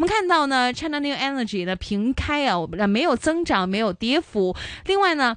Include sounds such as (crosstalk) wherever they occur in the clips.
我們 (noise) 看到呢，China New Energy 呢平開啊，我們沒有增長，沒有跌幅。另外呢。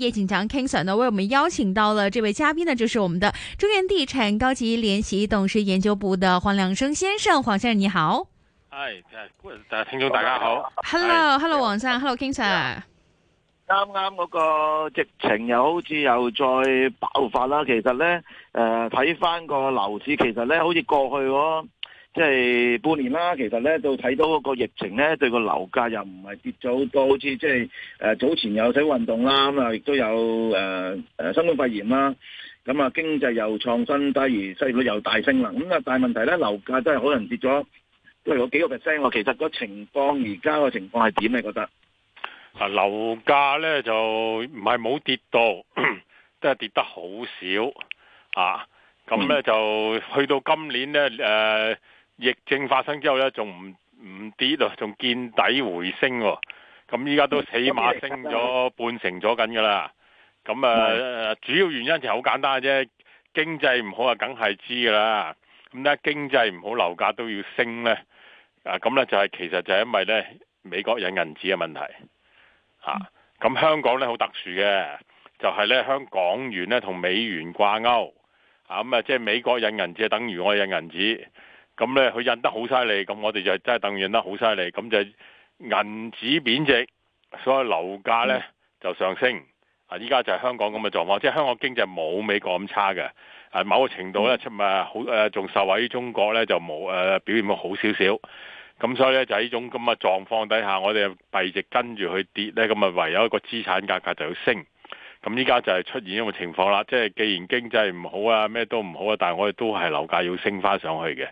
葉景強、KingSir 呢為我們邀請到了這位嘉賓呢，就是我們的中原地產高級聯席董事研究部的黃良昇先生。黃先生你好，係誒，各位大家聽眾大家好，Hello，Hello，黃生，Hello，KingSir。啱啱嗰個疫情又好似又再爆發啦，其實呢，誒、呃，睇翻個樓市，其實呢，好似過去嗰即係半年啦，其實咧到睇到個疫情咧，對個樓價又唔係跌咗好多，就是，好似即係誒早前有啲運動啦，咁啊亦都有誒誒，呃呃、新冠肺炎啦，咁啊經濟又創新低，而失業率又大升啦，咁啊大問題咧樓價真係可能跌咗，都係有幾個 percent。Okay. 其實個情況而家個情況係點你覺得？啊樓價咧就唔係冇跌到，都係 (coughs) 跌得好少啊！咁咧就去到今年咧誒。呃疫症發生之後咧，仲唔唔跌啊？仲見底回升喎、哦，咁依家都起碼升咗半成咗緊噶啦。咁啊，的主要原因就好簡單嘅啫，經濟唔好啊，梗係知噶啦。咁咧，經濟唔好，樓價都要升咧。啊，咁咧就係、是、其實就係因為咧美國印銀紙嘅問題嚇。咁、啊、香港咧好特殊嘅，就係、是、咧香港元咧同美元掛鈎啊。咁啊，即係美國印銀紙，等於我印銀紙。咁咧佢印得好犀利，咁我哋就真係等印得好犀利，咁就銀紙貶值，所以樓價咧就上升。啊、嗯，依家就係香港咁嘅狀況，即係香港經濟冇美國咁差嘅。某個程度咧，出好仲受惠於中國咧，就冇、呃、表現得好少少。咁所以咧就係呢種咁嘅狀況底下，我哋幣值跟住去跌咧，咁啊唯有一個資產價格，格就要升。咁依家就係出現咁個情況啦，即係既然經濟唔好啊，咩都唔好啊，但係我哋都係樓價要升翻上去嘅。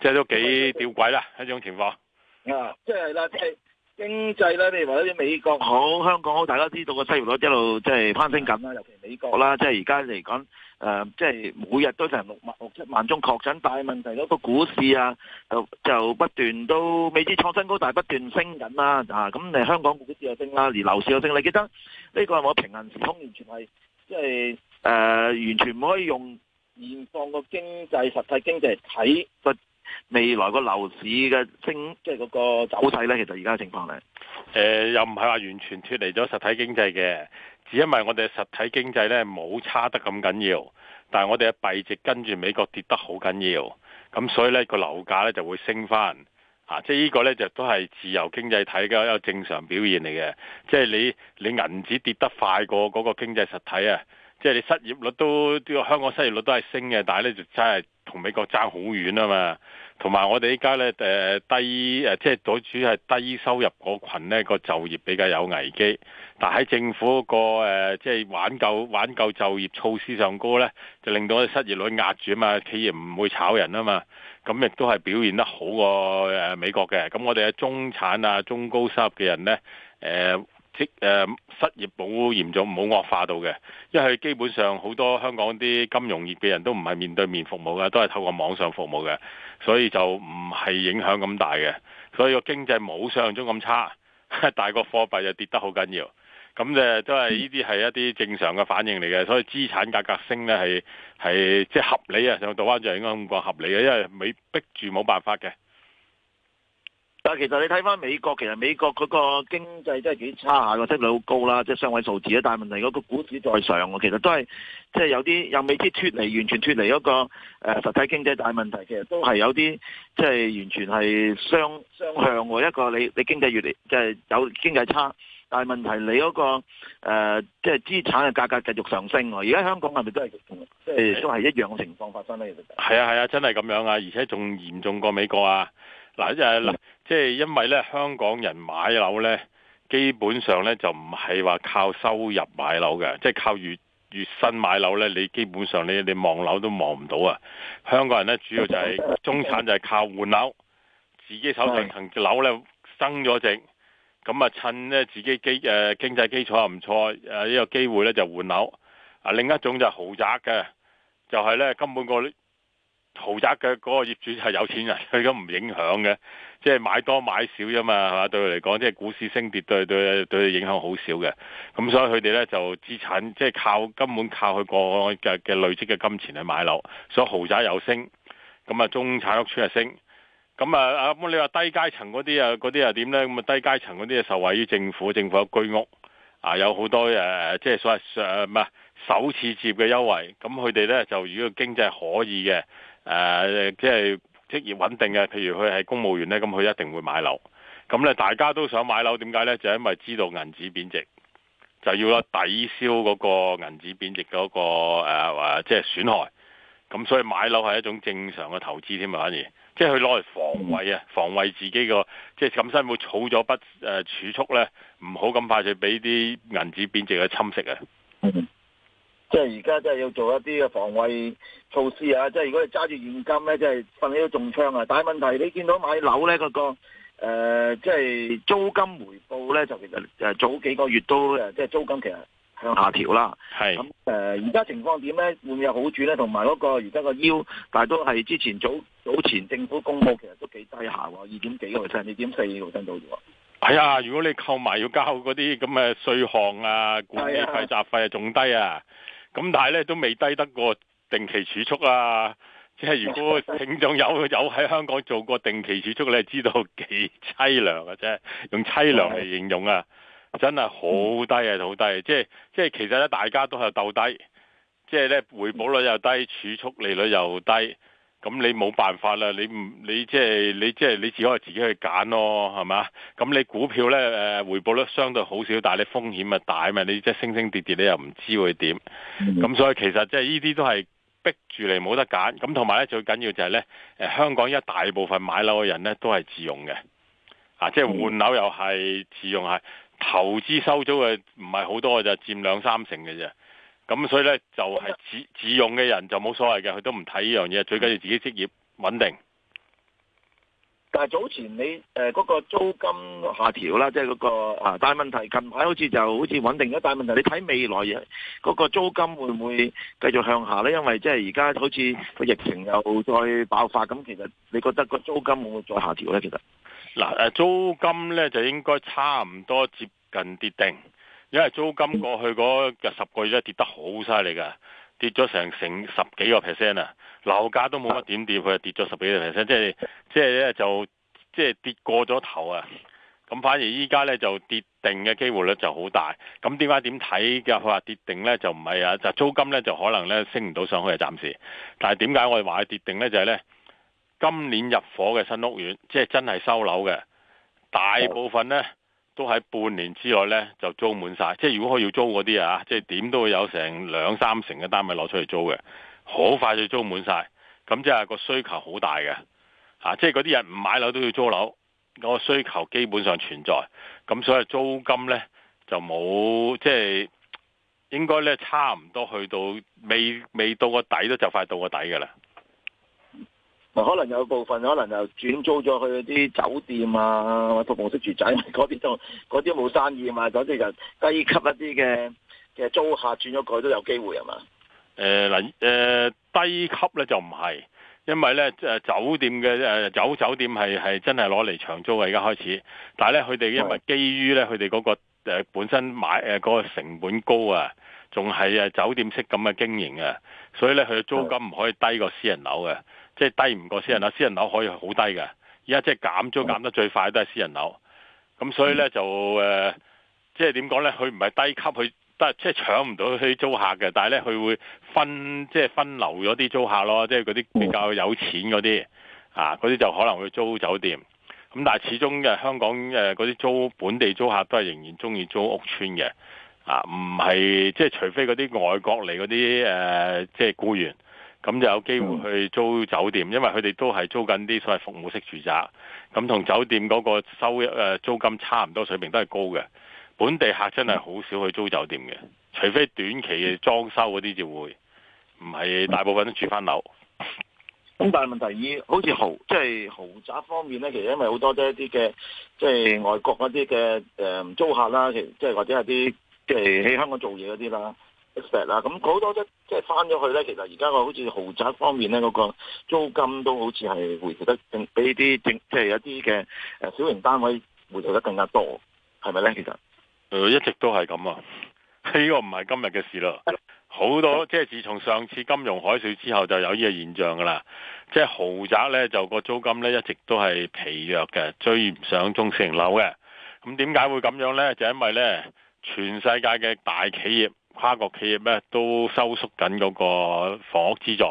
即係都幾吊詭啦！嗯、一種情況啊，即係啦，即、就、係、是、經濟啦。你話嗰啲美國好，嗯、香港好，大家都知道個收益率一路即係攀升緊啦。尤其美國啦，即係而家嚟講，即、就、係、是呃就是、每日都成六萬、六七萬宗確診。但問題嗰個股市啊，就就不斷都未知創新高，但係不斷升緊、啊、啦。咁、啊、你、嗯、香港股市又升啦，而樓市又升。你記得呢個係冇平行時空完、就是呃，完全係即係誒，完全唔可以用現況個經濟、實體經濟嚟睇未來個樓市嘅升，即係嗰個走勢呢，其實而家嘅情況呢，誒、呃，又唔係話完全脱離咗實體經濟嘅，只因為我哋實體經濟呢冇差得咁緊要，但係我哋嘅幣值跟住美國跌得好緊要，咁所以呢個樓價呢就會升返，啊，即係呢個呢，就都係自由經濟體嘅一個正常表現嚟嘅。即係你你銀紙跌得快過嗰個經濟實體啊。即係你失業率都，香港失業率都係升嘅，但係咧就真係同美國爭好遠啊嘛。同埋我哋依家咧，誒低，即係主要係低收入嗰羣咧，個就業比較有危機。但係喺政府個誒，即、呃、係、就係、挽救挽救就業措施上高咧，就令到啲失業率壓住啊嘛，企業唔會炒人啊嘛。咁亦都係表現得好過誒美國嘅。咁我哋嘅中產啊、中高收入嘅人咧，誒、呃。即誒失業冇嚴重唔好惡化到嘅，因為基本上好多香港啲金融業嘅人都唔係面對面服務嘅，都係透過網上服務嘅，所以就唔係影響咁大嘅。所以個經濟冇想像中咁差，但係個貨幣就跌得好緊要。咁就都係呢啲係一啲正常嘅反應嚟嘅，所以資產價格升呢係係即係合理啊！上到灣就應該咁講合理啊，因為未逼住冇辦法嘅。但係其實你睇返美國，其實美國嗰個經濟真係幾差下，個息率好高啦，即係雙位數字啊。但係問題嗰個股市在上，其實都係即係有啲又未知脫離，完全脫離嗰個誒、呃、實體經濟大問題。其實都係有啲即係完全係雙雙向喎。一個你你經濟越嚟即係有經濟差，但係問題你嗰、那個誒即係資產嘅價格繼續上升。而家香港係咪都係即係都係一樣嘅情況發生咧？係啊係啊，真係咁樣啊！而且仲嚴重過美國啊！嗱，即係即係，因為咧，香港人買樓咧，基本上咧就唔係話靠收入買樓嘅，即係靠月月薪買樓咧，你基本上你你望樓都望唔到啊！香港人咧主要就係中產就係靠換樓，自己手上層樓咧升咗值，咁啊趁咧自己經濟基誒經濟基礎又唔錯，誒呢個機會咧就換樓。啊，另一種就是豪宅嘅，就係咧根本個。豪宅嘅嗰個業主係有錢人，佢咁唔影響嘅，即係買多買少啫嘛，係嘛？對佢嚟講，即係股市升跌對對對佢影響好少嘅。咁所以佢哋咧就資產，即係靠根本靠佢個嘅嘅累積嘅金錢去買樓，所以豪宅有升，咁啊中產屋邨又升，咁啊啊咁你話低階層嗰啲啊嗰啲又點咧？咁啊低階層嗰啲啊受惠於政府，政府有居屋，啊有好多誒即係所謂上唔係首次接嘅優惠，咁佢哋咧就如果經濟可以嘅。誒、呃、即係職業穩定嘅，譬如佢係公務員呢，咁佢一定會買樓。咁咧大家都想買樓，點解呢？就因為知道銀紙貶值，就要抵消嗰個銀紙貶值嗰、嗰個、呃、即係損害。咁所以買樓係一種正常嘅投資添啊，反而即係佢攞嚟防衞啊，防衞自己個即係咁辛苦儲咗筆誒儲蓄呢，唔好咁快就俾啲銀紙貶值嘅侵蝕啊。Okay. 即係而家即係要做一啲嘅防衞措施啊！即係如果你揸住現金咧，即係瞓喺度中槍啊！但係問題你見到買樓咧、那個，嗰、呃、個即係租金回報咧，就其實誒早幾個月都誒即係租金其實向下調啦。係咁誒，而家、啊呃、情況點咧？會唔會有好處咧？同埋嗰個而家個 yield，但係都係之前早早前政府公佈其實都幾低下喎，二點幾個 percent 二點四個 percent 到嘅喎。係啊！如果你扣埋要交嗰啲咁嘅稅項啊、管理費、雜費啊，仲低啊！咁但係咧都未低得過定期儲蓄啊！即係如果聽眾有有喺香港做過定期儲蓄，你就知道幾淒涼嘅啫，用淒涼嚟形容啊，真係好低啊，好低！即係即係其實咧，大家都係鬥低，即係咧回報率又低，儲蓄利率又低。咁你冇辦法啦，你唔你即係你即係你只可以自己去揀咯，係嘛？咁你股票咧誒回報率相對好少，但係你風險咪大啊嘛？你即係升升跌跌，你又唔知會點。咁、嗯、所以其實即係呢啲都係逼住你冇得揀。咁同埋咧最緊要就係咧，誒香港一大部分買樓嘅人咧都係自用嘅，啊即係、就是、換樓又係自用，係、嗯、投資收租嘅唔係好多，嘅，就佔兩三成嘅啫。咁所以咧就係自自用嘅人就冇所謂嘅，佢都唔睇呢樣嘢，最緊要自己職業穩定。但係早前你誒嗰個租金下調啦，即係嗰個啊，大問題近排好似就好似穩定咗，大問題，你睇未來嗰個租金會唔會繼續向下咧？因為即係而家好似個疫情又再爆發，咁其實你覺得個租金會唔會再下調咧？其實嗱誒，租金咧就應該差唔多接近跌定。因為租金過去嗰十個月咧跌得好犀利噶，跌咗成成十幾個 percent 啊，樓價都冇乜點跌，佢就跌咗十幾個 percent，即係即係咧就即係跌過咗頭啊，咁反而依家，咧就跌定嘅機會率就好大。咁點解點睇嘅？佢話跌定咧就唔係啊，就租金咧就可能咧升唔到上去啊，暫時，但係點解我哋話佢跌定咧就係咧，今年入伙嘅新屋苑，即係真係收樓嘅，大部分咧。都喺半年之內呢，就租滿晒。即係如果我要租嗰啲啊，即係點都會有成兩三成嘅單位攞出嚟租嘅，好快就租滿晒。咁即係個需求好大嘅、啊，即係嗰啲人唔買樓都要租樓，嗰個需求基本上存在，咁所以租金呢，就冇即係應該呢，差唔多去到未未到個底都就快到個底嘅啦。可能有部分可能又轉租咗去啲酒店啊、同服務式住宅嗰邊度，嗰啲冇生意嘛、啊，咁即係低級一啲嘅嘅租客轉咗過去都有機會啊嘛。誒嗱誒低級咧就唔係，因為咧誒酒店嘅誒酒酒店係係真係攞嚟長租啊，而家開始。但係咧佢哋因為基於咧佢哋嗰個、呃、本身買誒嗰、呃那個成本高啊，仲係誒酒店式咁嘅經營啊，所以咧佢嘅租金唔可以低過私人樓嘅。即係低唔過私人樓，私人樓可以好低嘅。而家即係減租減得最快都係私人樓。咁所以咧就誒、呃，即係點講咧？佢唔係低級，佢即係搶唔到佢租客嘅。但係咧，佢會分即係分流咗啲租客咯，即係嗰啲比較有錢嗰啲啊，嗰啲就可能會租酒店。咁但係始終嘅香港嗰啲租本地租客都係仍然中意租屋邨嘅啊，唔係即係除非嗰啲外國嚟嗰啲誒即係僱員。咁就有機會去租酒店，嗯、因為佢哋都係租緊啲所謂服務式住宅，咁同酒店嗰個收租金差唔多水平都係高嘅。本地客真係好少去租酒店嘅，除非短期裝修嗰啲就會，唔係大部分都住翻樓。咁、嗯、但係問題二好似豪即係、就是、豪宅方面咧，其實因為好多都一啲嘅即係外國嗰啲嘅租客啦，其實即係或者係啲即係喺香港做嘢嗰啲啦。啦，咁好多即係翻咗去咧，其實而家個好似豪宅方面咧，嗰個租金都好似係回吐得比啲即係一啲嘅誒小型單位回吐得更加多，係咪咧？其實誒，一直都係咁啊，呢個唔係今日嘅事啦。的好多即係自從上次金融海嘯之後，就有呢個現象噶啦。即係豪宅咧，就個租金咧一直都係疲弱嘅，追唔上中小型樓嘅。咁點解會咁樣咧？就因為咧，全世界嘅大企業，跨國企業咧都收縮緊嗰個房屋資助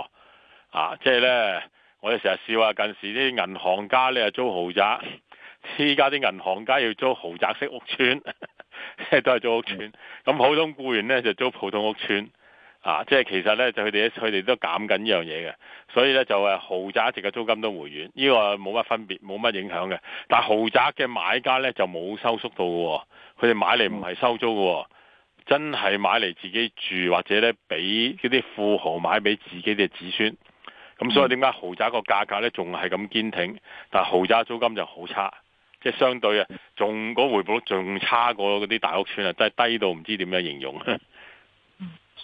啊！即係咧，我哋成日笑啊，近時啲銀行家咧租豪宅，依家啲銀行家要租豪宅式屋邨，即 (laughs) 係都係租屋邨。咁普通僱員咧就租普通屋邨，啊！即、就、係、是、其實咧，就佢哋佢哋都減緊呢樣嘢嘅，所以咧就誒豪宅一直嘅租金都回軟，呢、這個冇乜分別，冇乜影響嘅。但豪宅嘅買家咧就冇收縮到嘅喎、哦，佢哋買嚟唔係收租嘅喎、哦。嗯真係買嚟自己住，或者呢俾啲富豪買俾自己嘅子孫。咁所以點解豪宅個價格呢，仲係咁堅挺？但係豪宅租金就好差，即係相對啊，仲嗰回報仲差過嗰啲大屋村啊，真係低到唔知點樣形容。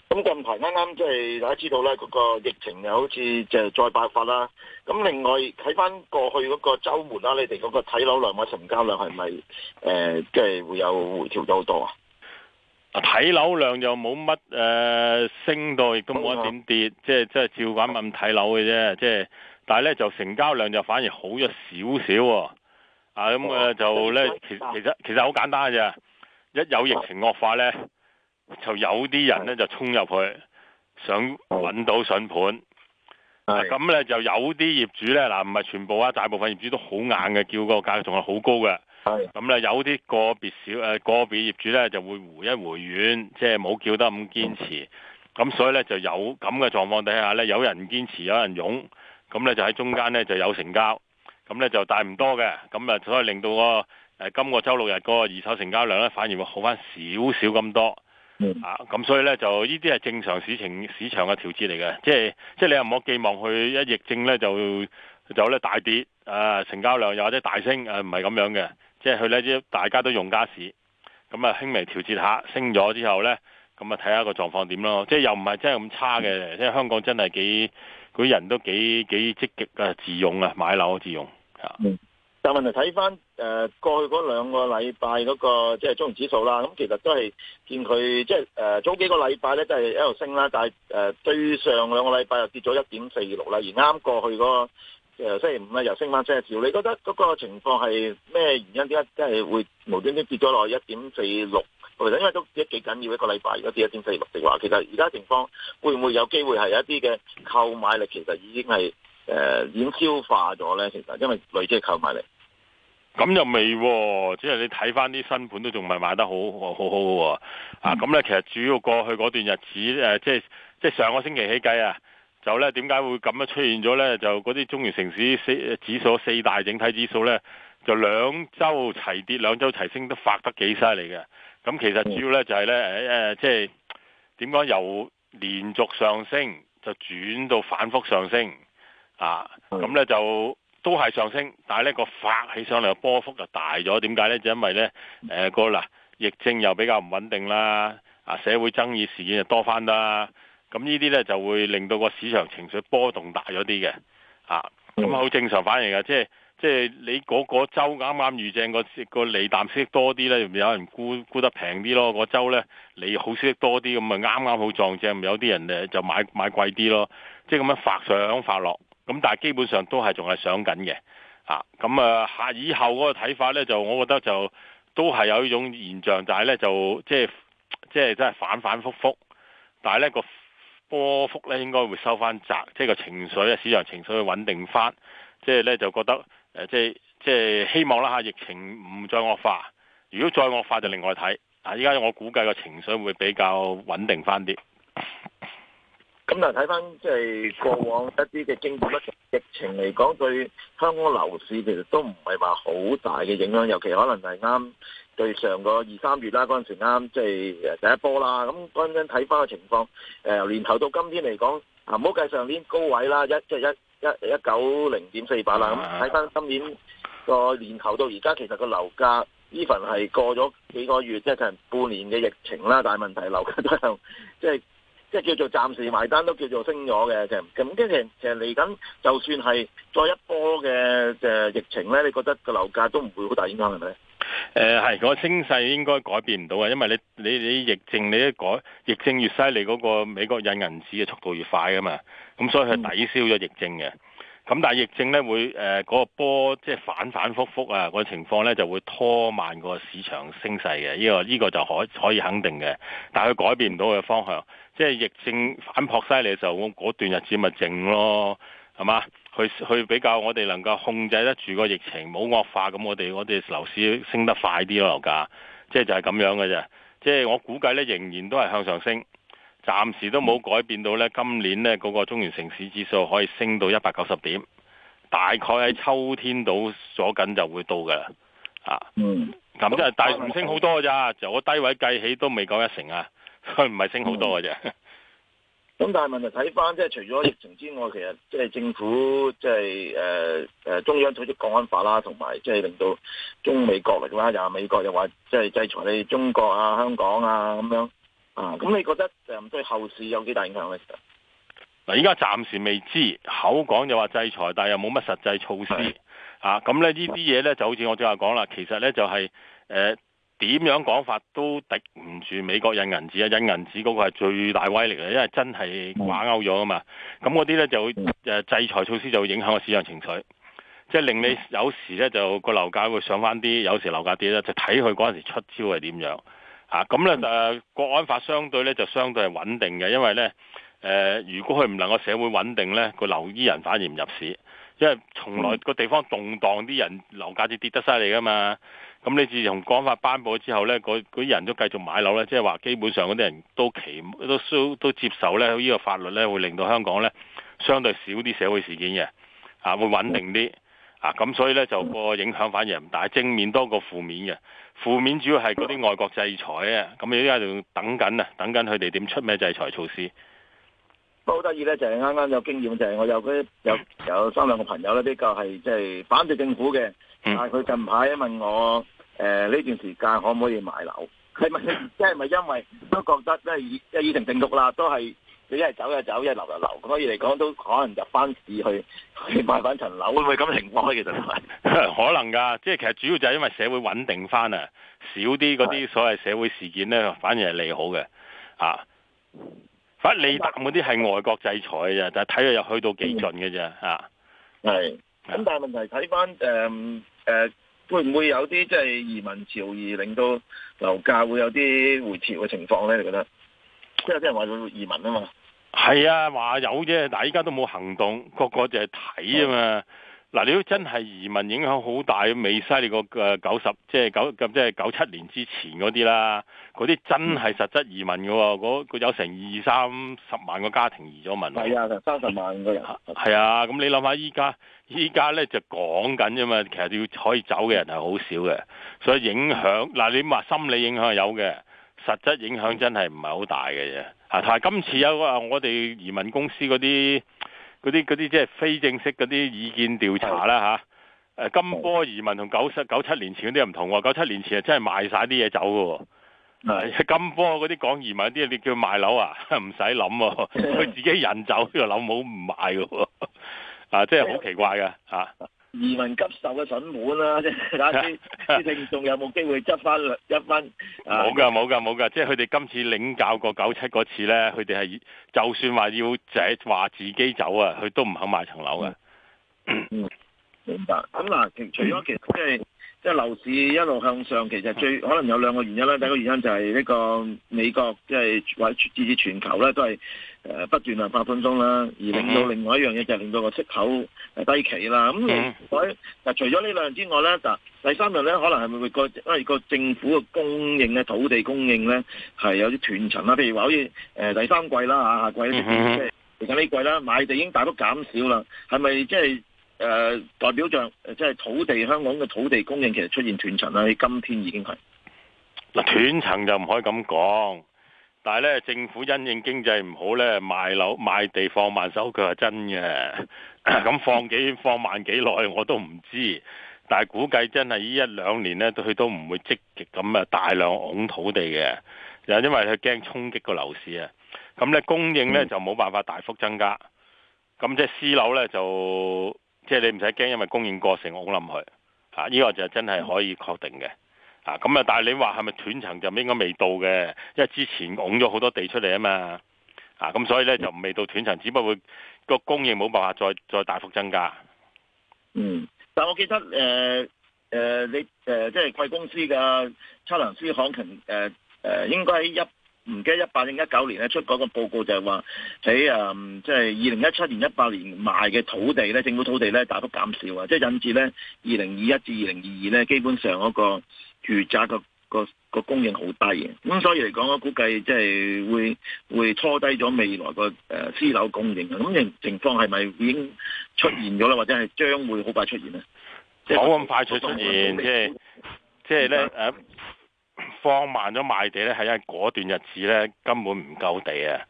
咁 (laughs) 近排啱啱即係大家知道呢，嗰、嗰個疫情又好似即係再爆發啦。咁另外睇翻過去嗰個週末啦，你哋嗰個睇樓量或成交量係咪誒即係會有回調咗好多啊？睇、啊、樓量又冇乜誒升到，亦都冇乜點跌，啊、即係即係照咁問睇樓嘅啫。即係，但係咧就成交量就反而好咗少少。啊，咁啊就咧，其實其實其實好簡單嘅啫。一有疫情惡化咧，就有啲人咧就衝入去，想揾到筍盤。咁咧就有啲業主咧嗱，唔、啊、係全部啊，大部分業主都好硬嘅，叫個價仲係好高嘅。咁咧有啲個別小誒個別業主咧就會回一回軟，即係冇叫得咁堅持。咁所以咧就有咁嘅狀況底下咧，有人堅持，有人擁，咁咧就喺中間咧就有成交。咁咧就大唔多嘅，咁啊所以令到個、呃、今個周六日個二手成交量咧反而會好翻少少咁多。嗯、啊，咁所以咧就呢啲係正常市情市場嘅調節嚟嘅，即係即係你又唔好寄望去一疫症咧就就咧大跌、啊、成交量又或者大升、啊、唔係咁樣嘅。即係佢呢，即大家都用家市，咁啊輕微調節一下，升咗之後呢，咁啊睇下個狀況點咯。即係又唔係真係咁差嘅，嗯、即係香港真係幾嗰人都幾幾積極啊，自用啊買樓自用嚇、嗯。但問題睇翻誒過去嗰兩個禮拜嗰個即係、就是、中原指數啦，咁其實都係見佢即係早幾個禮拜呢，都係一路升啦，但係誒對上兩個禮拜又跌咗一點四六啦，而啱過去嗰、那個。星，星期五咧又升翻四廿二，你覺得嗰個情況係咩原因？點解即係會無端端跌咗落去一點四六？其實因為都都幾緊要一個禮拜，如果跌一點四六的話，其實而家情況會唔會有機會係一啲嘅購買力其實已經係誒已經消化咗咧？其實因為累積嘅購買力，咁又未？只係你睇翻啲新盤都仲咪買得好好，好好好好嘅啊！咁咧、嗯啊、其實主要過去嗰段日子誒、啊，即係即係上個星期起計啊。就咧點解會咁樣出現咗咧？就嗰啲中原城市四指數四大整體指數咧，就兩週齊跌，兩週齊升，都發得幾犀利嘅。咁其實主要咧就係咧誒，即係點講？就係、由連續上升就轉到反覆上升啊。咁咧就都係上升，但係咧個發起上嚟嘅波幅就大咗。點解咧？就因為咧誒個嗱疫症又比較唔穩定啦，啊社會爭議事件就多翻啦。咁呢啲咧就會令到個市場情緒波動大咗啲嘅，咁、啊、好正常反應嘅，即係即係你嗰個周啱啱遇正個個利淡息多啲咧，咪有人沽沽得平啲咯？個周咧利好息多啲，咁咪啱啱好撞正，有啲人誒就買買貴啲咯，即係咁樣發上發落，咁但係基本上都係仲係上緊嘅，咁啊下、啊、以後嗰個睇法咧，就我覺得就都係有呢種現象，但係咧就即係即係真係反反覆覆，但係咧個波幅咧應該會收翻窄，即係個情緒啊，市場情緒會穩定翻，即係咧就覺得誒，即係即係希望啦嚇，疫情唔再惡化。如果再惡化就另外睇。啊，依家我估計個情緒會比較穩定翻啲。咁又睇翻即係過往一啲嘅經典疫情嚟講，對香港樓市其實都唔係話好大嘅影響，尤其可能係啱。對上個二三月啦，嗰陣時啱即係第一波啦。咁嗰陣睇翻個情況，誒、呃、年頭到今天嚟講，啊唔好計上年高位啦，一即係一一一九零點四八啦。咁睇翻今年個年頭到而家，其實個樓價呢份係過咗幾個月，即係近半年嘅疫情啦，但係問題樓價都係即係即係叫做暫時埋單，都叫做升咗嘅。咁跟住其實嚟緊，就算係再一波嘅誒疫情咧，你覺得個樓價都唔會好大影響係咪咧？誒，係、呃，是那個升勢應該改變唔到啊，因為你你你疫症你都改，疫症越犀利，嗰、那個美國印銀紙嘅速度越快啊嘛，咁所以佢抵消咗疫症嘅。咁但係疫症咧會誒，嗰、呃那個波即係、就是、反反复复啊，個情況咧就會拖慢個市場升勢嘅。呢、這個呢、這個就可可以肯定嘅。但係佢改變唔到嘅方向，即、就、係、是、疫症反撲犀利嘅時候，嗰段日子咪靜咯。係嘛？去去比較，我哋能夠控制得住個疫情，冇惡化，咁我哋我哋樓市升得快啲咯，樓價，即係就係、是、咁樣嘅啫。即、就、係、是、我估計呢，仍然都係向上升，暫時都冇改變到呢。今年呢，嗰、那個中原城市指數可以升到一百九十點，大概喺秋天到咗緊就會到嘅啦。啊，咁即係大唔升好多嘅咋？就個、嗯、低位計起都未夠一成啊，佢唔係升好多嘅啫。嗯咁但係問題睇翻，即係除咗疫情之外，其實即係政府即係誒中央推出《國安法》啦，同埋即係令到中美隔離啦，又美國又話即係制裁你中國啊、香港啊咁樣啊，咁你覺得誒對後市有幾大影響力？嗱，依家暫時未知，口講就話制裁，但係又冇乜實際措施咁咧的、啊、呢啲嘢咧就好似我啱啱講啦，其實咧就係、是、誒。呃點樣講法都敵唔住美國印銀紙啊！印銀紙嗰個係最大威力嘅，因為真係掛鈎咗啊嘛。咁嗰啲呢，就誒制裁措施就會影響個市場情緒，即係令你有時呢，就個樓價會上翻啲，有時樓價跌啦，就睇佢嗰陣時出招係點樣。吓咁呢，誒、嗯啊，國安法相對呢，就相對係穩定嘅，因為呢，誒、呃，如果佢唔能夠社會穩定呢，個樓依人反而唔入市，因為從來個地方動蕩，啲人樓價就跌得犀利噶嘛。咁你自從《港法》頒布之後咧，嗰啲人都繼續買樓咧，即係話基本上嗰啲人都期都都接受咧，呢個法律咧會令到香港咧相對少啲社會事件嘅，啊會穩定啲，啊咁所以咧就個影響反而唔大，嗯、正面多過負面嘅。負面主要係嗰啲外國制裁啊，咁你依家仲等緊啊，等緊佢哋點出咩制裁措施。不過好得意咧，就係啱啱有經驗，就係、是、我有嗰有有三兩個朋友咧，比較係即係反對政府嘅，嗯、但係佢近排問我。誒，呢、呃、段時間可唔可以買樓？係咪即係咪因為都覺得咧，已已成定局啦，都係你一係走就走，一留就留，所以嚟講都可能入翻市去去買翻層樓，會唔會咁情況？其實可能噶，即係其實主要就係因為社會穩定翻啊，少啲嗰啲所謂社會事件咧，反而係利好嘅啊。反利達嗰啲係外國制裁嘅啫，但係睇佢又去到幾盡嘅啫係，係、啊、咁，但係問題睇翻誒誒。呃呃會唔會有啲即係移民潮而令到樓價會有啲回調嘅情況咧？你覺得？即係有啲人話要移民啊嘛？係啊，話有啫，但係依家都冇行動，個個就係睇啊嘛。嗱，你都真係移民影響好大，未犀利過九十，即係九咁，即係九七年之前嗰啲啦，嗰啲真係實質移民嘅喎，有成二三十萬個家庭移咗民。係啊，三十萬個人。係啊，咁你諗下依家，依家咧就講緊啫嘛，其實要可以走嘅人係好少嘅，所以影響嗱你話心理影響係有嘅，實質影響真係唔係好大嘅嘢。嚇，但係今次有個，我哋移民公司嗰啲。嗰啲啲即係非正式嗰啲意見調查啦吓，誒、啊、金波移民同九七九七年前嗰啲又唔同喎，九七年前真的的的啊真係賣晒啲嘢走嘅喎，金波嗰啲講移民啲你叫賣樓啊唔使諗，佢、啊、自己人走呢個樓冇唔賣嘅喎，啊即係好奇怪嘅嚇。啊移民急售嘅筍盤啦，即係睇下先，睇定仲有冇機會執翻一蚊。冇噶，冇噶，冇噶，即係佢哋今次領教過九七嗰次咧，佢哋係就算話要者話自己走啊，佢都唔肯買層樓嘅、嗯。嗯，明白。咁嗱，除除咗其實即係。嗯即係樓市一路向上，其實最可能有兩個原因啦。第一個原因就係呢個美國、就是，即係或者至至全球咧都係誒、呃、不斷啊，八分鐘啦，而令到另外一樣嘢就係、是、令到個息口係低企啦。咁另外嗱，除咗呢兩樣之外咧，第三樣咧可能係咪會個因為個政府嘅供應嘅土地供應咧係有啲斷層啦？譬如話好似誒第三季啦，吓下季即係其實呢季啦，買地已經大幅減少啦，係咪即係？誒、呃，代表着即係土地，香港嘅土地供應其實出現斷層啦。今天已經係嗱斷層就唔可以咁講，但係呢，政府因應經濟唔好呢，賣樓賣地放慢手，佢係真嘅。咁放幾放慢幾耐我都唔知道，但係估計真係呢一兩年呢，佢都唔會積極咁啊大量推土地嘅，又因為佢驚衝擊個樓市啊。咁呢供應呢，嗯、就冇辦法大幅增加，咁即係私樓呢，就。即係你唔使驚，因為供應過剩，我冇諗佢。啊，呢、這個就真係可以確定嘅。啊，咁啊，但係你話係咪斷層就應該未到嘅，因為之前拱咗好多地出嚟啊嘛。啊，咁所以咧就未到斷層，只不過個供應冇辦法再再大幅增加。嗯。但係我記得誒誒、呃呃，你誒、呃、即係貴公司嘅測量師行同誒誒，應該一。唔記得一八定一九年咧出嗰個報告，就係話喺誒即係二零一七年一八年賣嘅土地咧、政府土地咧大幅減少啊！即係引致咧二零二一至二零二二咧，基本上嗰個住宅個個個供應好低嘅，咁所以嚟講，我估計即係會會拖低咗未來個誒私樓供應，咁情情況係咪已經出現咗啦，或者係將會好快出現咧？好快出出現，即係即係咧誒。放慢咗賣地呢，係因為嗰段日子呢，根本唔夠地啊！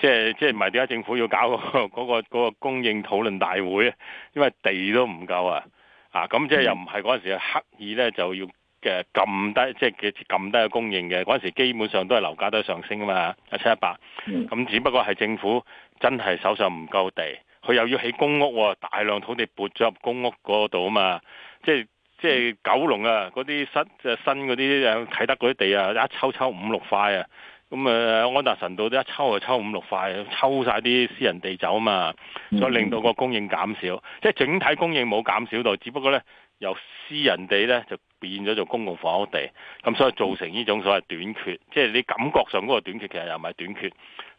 即係即係，唔係點解政府要搞嗰個嗰個嗰個供應討論大會？因為地都唔夠啊！啊，咁即係又唔係嗰陣時刻意呢，就要嘅撳低，即係嘅撳低嘅供應嘅。嗰陣時基本上都係樓價都係上升啊嘛，一七一八。咁、嗯、只不過係政府真係手上唔夠地，佢又要起公屋，啊，大量土地撥咗入公屋嗰度啊嘛，即係。即係九龍啊，嗰啲新即係新嗰啲啊，啟德嗰啲地啊，一抽抽五六塊啊，咁啊安達臣道都一抽就抽五六塊，抽晒啲私人地走吖嘛，所以令到個供應減少。即係整體供應冇減少到，只不過咧由私人地咧就變咗做公共房屋地，咁所以造成呢種所謂短缺。即係你感覺上嗰個短缺，其實又唔係短缺。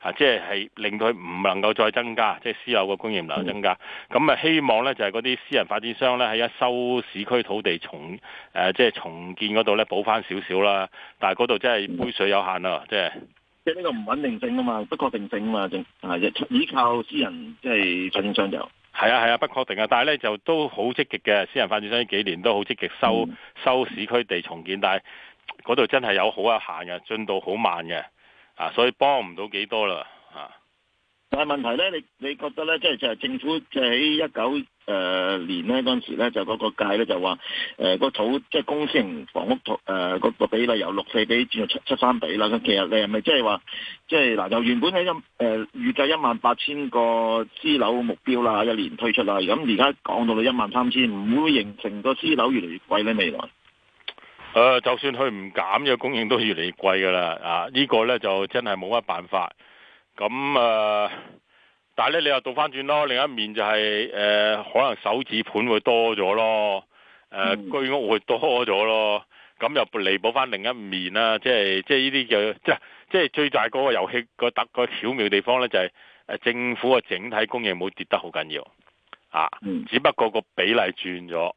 啊，即係係令佢唔能夠再增加，即係私有嘅供應量增加。咁啊、嗯，希望咧就係嗰啲私人發展商咧喺一收市區土地重誒、呃，即係重建嗰度咧補翻少少啦。但係嗰度真係杯水有限啊，即係即係呢個唔穩定性啊嘛，不確定性啊嘛，就啊，即係依靠私人即係發展商就係啊係啊，不確定啊，但係咧就都好積極嘅私人發展商呢幾年都好積極收、嗯、收市區地重建，但係嗰度真係有好有限嘅進度很，好慢嘅。啊，所以幫唔到幾多啦，吓、啊。但係問題咧，你你覺得咧，即係就係、是、政府即係喺一九誒年咧嗰陣時咧，就嗰個界咧就話，誒個土即係公私營房屋土誒、呃那個比例由六四比轉到七七三比啦。咁其實你係咪即係話，即係嗱由原本喺一誒預計一萬八千個私樓目標啦，一年推出啦，咁而家講到到一萬三千，唔會形成個私樓越嚟越貴咧未來？誒、呃，就算佢唔減嘅，這個，供應都越嚟越貴噶啦，啊，這個，呢個咧就真係冇乜辦法。咁誒、呃，但係咧你又倒翻轉咯，另一面就係，是，誒、呃、可能首置盤會多咗咯，誒、呃 mm. 居屋會多咗咯，咁又彌補翻另一面啦，啊，即係即係呢啲叫即係即係最大嗰個遊戲，那個特個巧妙地方咧就係，是，政府嘅整體供應冇跌得好緊要，啊，mm. 只不過個比例轉咗。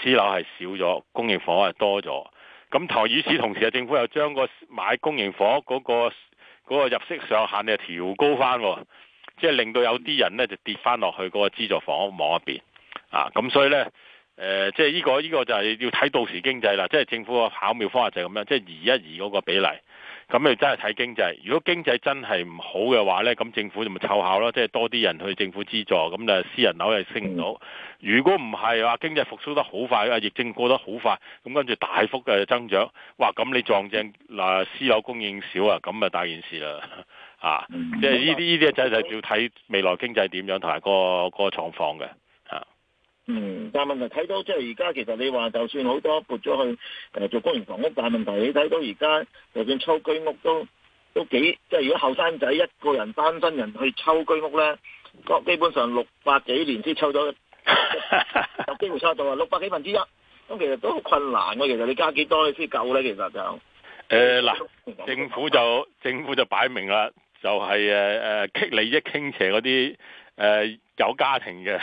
私樓係少咗，供應房係多咗。咁同與此同時啊，政府又將個買供應房嗰個入息上限咧調高翻，即係令到有啲人咧就跌翻落去嗰個資助房屋網入邊啊。咁所以咧，誒、呃，即係呢個呢、呢個就係要睇到時經濟啦。即係政府個巧妙方法就係咁樣，即係移一移嗰個比例。咁你真係睇經濟，如果經濟真係唔好嘅話呢，咁政府就咪湊下咯，即係多啲人去政府資助，咁就私人樓又升唔到。如果唔係話經濟復甦得好快，啊疫症過得好快，咁跟住大幅嘅增長，哇！咁你撞正嗱私樓供應少啊，咁啊大件事啦，啊！嗯、即係呢啲呢啲就係要睇未來經濟點樣同埋、嗰個、嗰個狀況嘅。嗯，但問題睇到即係而家，其實你話就算好多撥咗去誒、呃、做公營房屋，但問題你睇到而家，就算抽居屋都都幾，即係如果後生仔一個人單身人去抽居屋咧，基本上六百 (laughs) 幾年先抽到，有機會抽到啊！六百幾分之一，咁其實都好困難喎。其實你加幾多先夠咧？其實就誒嗱，呃、 (laughs) 政府就政府就擺明啦，就係誒誒傾利益傾斜嗰啲誒有家庭嘅。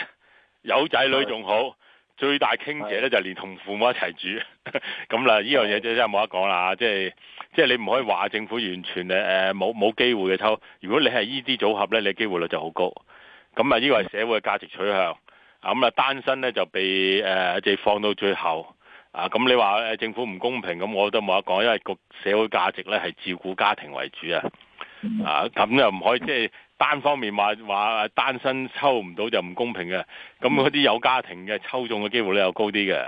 有仔女仲好，最大傾斜咧的就係連同父母一齊住，咁 (laughs) 啦呢的樣嘢就真係冇得講啦，即係即係你唔可以話政府完全誒誒冇冇機會嘅抽，如果你係依啲組合咧，你的機會率就好高。咁啊，呢個係社會嘅價值取向，咁啊單身咧就被誒即係放到最後，啊咁你話政府唔公平，咁我都冇得講，因為個社會價值咧係照顧家庭為主啊，啊咁又唔可以即係。即係單方面話話單身抽唔到就唔公平嘅，咁嗰啲有家庭嘅抽中嘅機會率又高啲嘅。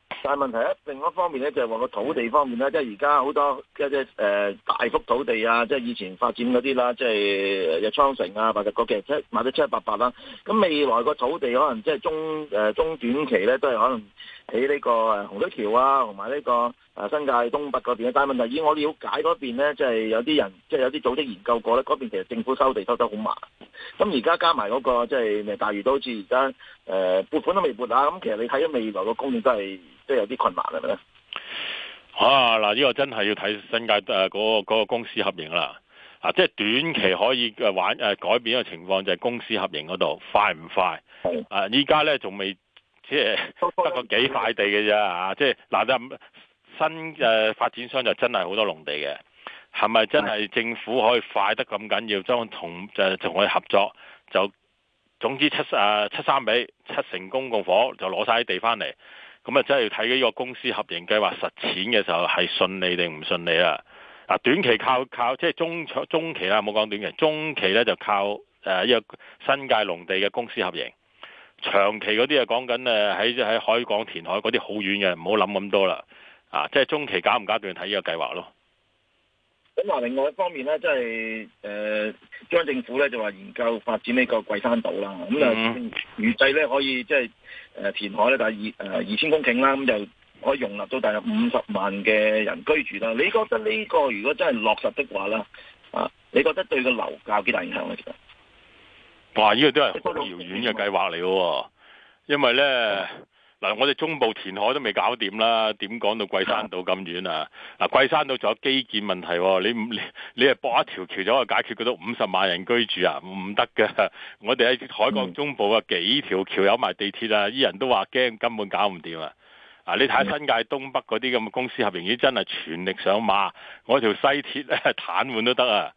(laughs) 但係問題咧，另外一方面咧，就係話個土地方面咧，即係而家好多即隻誒大幅土地啊，即、就、係、是、以前發展嗰啲啦，即係日昌城啊、或者國際，即係賣七七八八啦。咁未來個土地可能即係中誒、呃、中短期咧，都係可能喺呢個洪水橋啊，同埋呢個誒、呃、新界東北嗰邊的。但係問題，以我了解嗰邊咧，即、就、係、是、有啲人即係、就是、有啲組織研究過咧，嗰邊其實政府收地收得好慢。咁而家加埋嗰、那個即係、就是、大嶼都好似而家誒撥款都未撥啊。咁其實你睇咗未來個供應都係。即都有啲困難，係咪啊？嗱，呢個真係要睇新界誒嗰、嗰個那個公司合營啦。啊，即係短期可以玩誒改變一個情況，就係、是、公司合營嗰度快唔快？係的啊！依家咧仲未即係得個幾塊地嘅啫啊！即係嗱、啊，新誒發展商就真係好多農地嘅，係咪真係政府可以快得咁緊要將同就同佢合作？就總之七誒、啊、七三比七成公共火，就攞晒啲地翻嚟。咁啊，真係要睇呢個公司合營計劃實踐嘅時候係順利定唔順利啦。短期靠靠即係中長中期啦，冇講短期，中期咧就靠誒呢個新界農地嘅公司合營。長期嗰啲啊講緊誒喺喺海港填海嗰啲好遠嘅，唔好諗咁多啦。啊，即係中期搞唔搞掂睇呢個計劃咯。咁啊，另外一方面咧，即係誒，將、呃、政府咧就話研究發展呢個桂山島、嗯就是呃呃、啦，咁啊預計咧可以即係誒填海咧，大約二誒二千公頃啦，咁就可以容納到大約五十萬嘅人居住啦。你覺得呢、這個如果真係落實的話啦，啊，你覺得對個樓價有幾大影響咧？其實，哇，呢、這個都係好遙遠嘅計劃嚟嘅，因為咧。嗯嗱，我哋中部填海都未搞掂啦，點講到桂山島咁遠啊？嗱、啊，桂山島仲有基建問題、哦，你唔你你係駁一條橋就可解決嗰度五十萬人居住啊？唔得㗎。我哋喺海港中部啊幾條橋有埋地鐵啊，啲人都話驚，根本搞唔掂啊！啊，你睇下新界東北嗰啲咁嘅公司合營院真係全力上馬，我條西鐵咧癱瘓都得啊！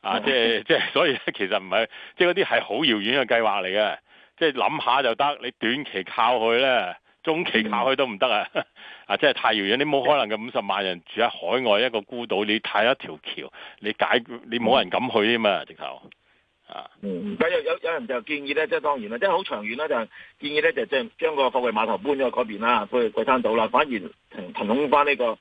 啊，即係即係，所以其實唔係，即係嗰啲係好遙遠嘅計劃嚟嘅，即係諗下就得、是，你短期靠佢咧。中期下去都唔得啊！嗯、啊，即係太遙遠，你冇可能嘅五十萬人住喺海外一個孤島，你睇一條橋，你解，你冇人敢去添嘛。直頭啊，嗯，啊、有有人就建議咧，即、就、係、是、當然啦，即係好長遠啦，就建議咧，就即、是、係將個貨櫃碼頭搬咗嗰邊啦，去桂山島啦，反而騰空翻呢個貨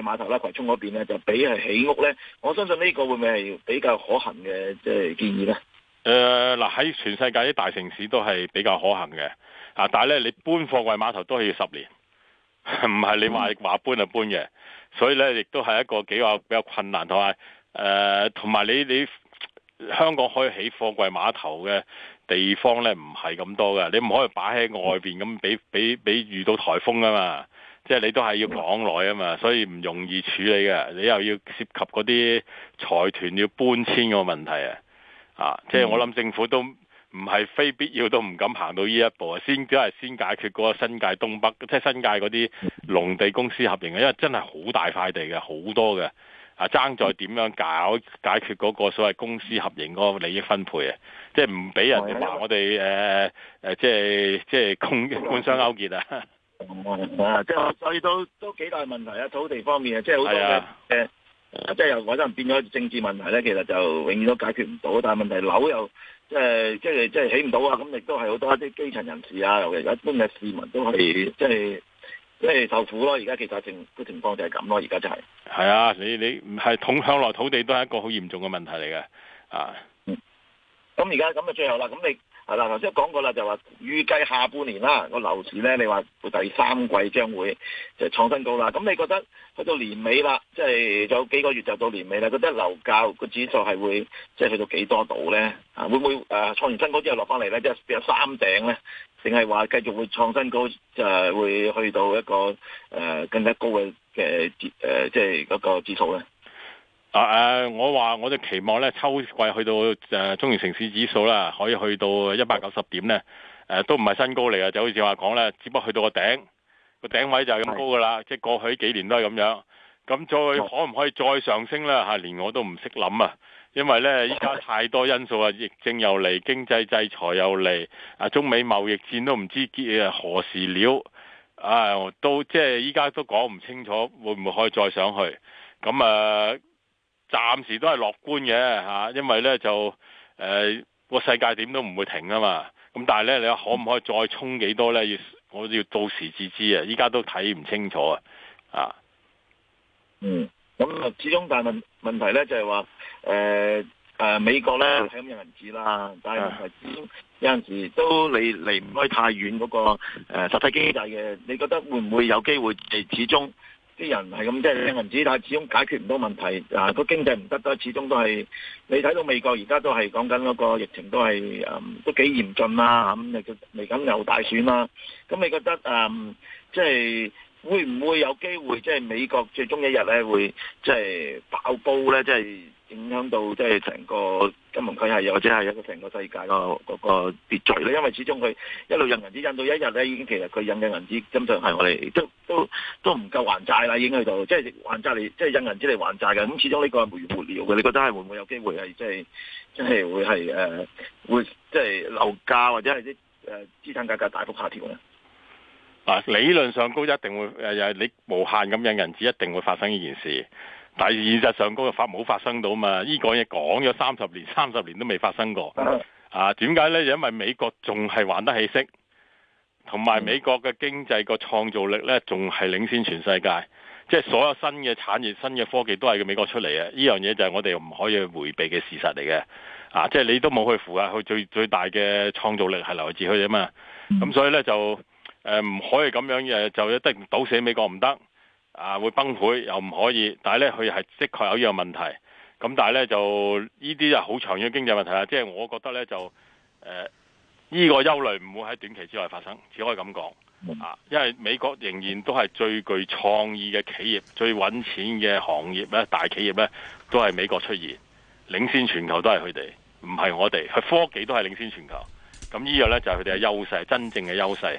櫃碼頭啦，葵涌嗰邊咧就俾係起屋咧。我相信呢個會唔會係比較可行嘅即係建議咧？誒嗱、呃，喺全世界啲大城市都係比較可行嘅。啊！但係咧，你搬貨櫃碼頭都係要十年，唔係你話話搬就搬嘅，所以咧亦都係一個比較比較困難同埋，誒，同、呃、埋你你香港可以起貨櫃碼頭嘅地方咧，唔係咁多嘅，你唔可以擺喺外邊咁，俾俾俾遇到台風啊嘛，即係你都係要港內啊嘛，所以唔容易處理嘅，你又要涉及嗰啲財團要搬遷嘅問題啊，啊！即係我諗政府都。唔係非必要都唔敢行到呢一步啊！先只係先解決嗰個新界東北，即係新界嗰啲農地公司合營啊！因為真係好大塊地嘅，好多嘅啊，爭在點樣搞解決嗰個所謂公司合營嗰個利益分配啊！即係唔俾人哋話我哋誒誒，即係即係官官商勾結啊！啊，即係所以都都幾大問題啊！土地方面啊，即係好多嘅誒，的即係又可能，變咗政治問題咧，其實就永遠都解決唔到。但係問題是樓又。即係即係即係起唔到啊！咁亦都係好多一啲基層人士啊，尤其一般嘅市民都係即係即係受苦咯。而家其實情個情況就係咁咯，而家就係、係。係啊，你你系統向來土地都係一個好嚴重嘅問題嚟嘅啊。咁而家咁就最後啦。咁你。係啦，頭先都講過啦，就話預計下半年啦個樓市咧，你話第三季將會就係創新高啦。咁你覺得去到年尾啦，即係有幾個月就到年尾啦，覺得樓價個指數係會即係去到幾多度咧？啊，會唔會誒創完新高之後落翻嚟咧，即係變有三頂咧？定係話繼續會創新高，就係會去到一個誒更加高嘅誒誒，即係嗰個指數咧？啊我話我哋期望咧，秋季去到誒、啊、中原城市指數啦，可以去到一百九十點咧。誒、啊，都唔係新高嚟啊，就好似話講咧，只不過去到個頂，個頂位就係咁高噶啦。的即係過去幾年都係咁樣。咁再可唔可以再上升咧？嚇、啊，連我都唔識諗啊！因為咧，依家太多因素啊，疫症又嚟，經濟制裁又嚟，啊，中美貿易戰都唔知結啊何時了。啊，都即係依家都講唔清楚，會唔會可以再上去？咁誒？啊暫時都係樂觀嘅吓，因為咧就誒個、呃、世界點都唔會停啊嘛，咁但係咧，你可唔可以再衝幾多咧？要我要到時至知啊，依家都睇唔清楚啊，啊，嗯，咁、呃、啊，始終但係問問題咧就係話誒誒美國咧係咁印銀紙啦，但係始終有陣時都你離唔開太遠嗰個誒實體經濟嘅，你覺得會唔會有機會？誒，始終。啲人係咁，即係掟銀紙，但係始終解決唔到問題。啊，個經濟唔得都，始終都係你睇到美國而家都係講緊嗰個疫情都係誒、嗯，都幾嚴峻啦、啊。咁又嚟緊又大選啦、啊。咁你覺得誒，即、嗯、係、即係、會唔會有機會即係、即係、美國最終一日咧會即係、即係、爆煲咧？即係。影響到即係成個金融區係，或者係一個成個世界個嗰個秩序咧。因為始終佢一路印銀紙印到一日咧，已經其實佢印嘅銀紙根本係我哋都都都唔夠還債啦。已經去到，即、就、係、係、還債嚟，即係印銀紙嚟還債嘅。咁始終呢個係沒完沒了嘅。你覺得係會唔會有機會係即係會係、呃、會即係樓價或者係啲資產價格大幅下調咧？理論上高一定會，你無限咁印銀紙，一定會發生呢件事。但係現實上，個發冇發生到嘛？呢、呢個嘢講咗三十年，三十年都未發生過。嗯、啊，點解呢？因為美國仲係還玩得起息，同埋美國嘅經濟個創造力呢，仲係領先全世界。即係所有新嘅產業、新嘅科技都係美國出嚟嘅。呢樣嘢就係我哋唔可以迴避嘅事實嚟嘅。啊，即係你都冇去符合佢最最大嘅創造力，係來自佢哋嘛。咁、嗯、所以呢，就誒唔、呃、可以咁樣嘅，就一定堵死美國唔得。啊！會崩潰又唔可以，但係呢，佢係的確有呢個問題。咁但係呢，就呢啲就好長遠嘅經濟問題啦。即係我覺得呢，就呢，呃，呢個憂慮唔會喺短期之內發生，只可以咁講啊。因為美國仍然都係最具創意嘅企業、最揾錢嘅行業呢、大企業呢，都係美國出現，領先全球都係佢哋，唔係我哋。佢科技都係領先全球。咁呢個呢，就係佢哋嘅優勢，真正嘅優勢。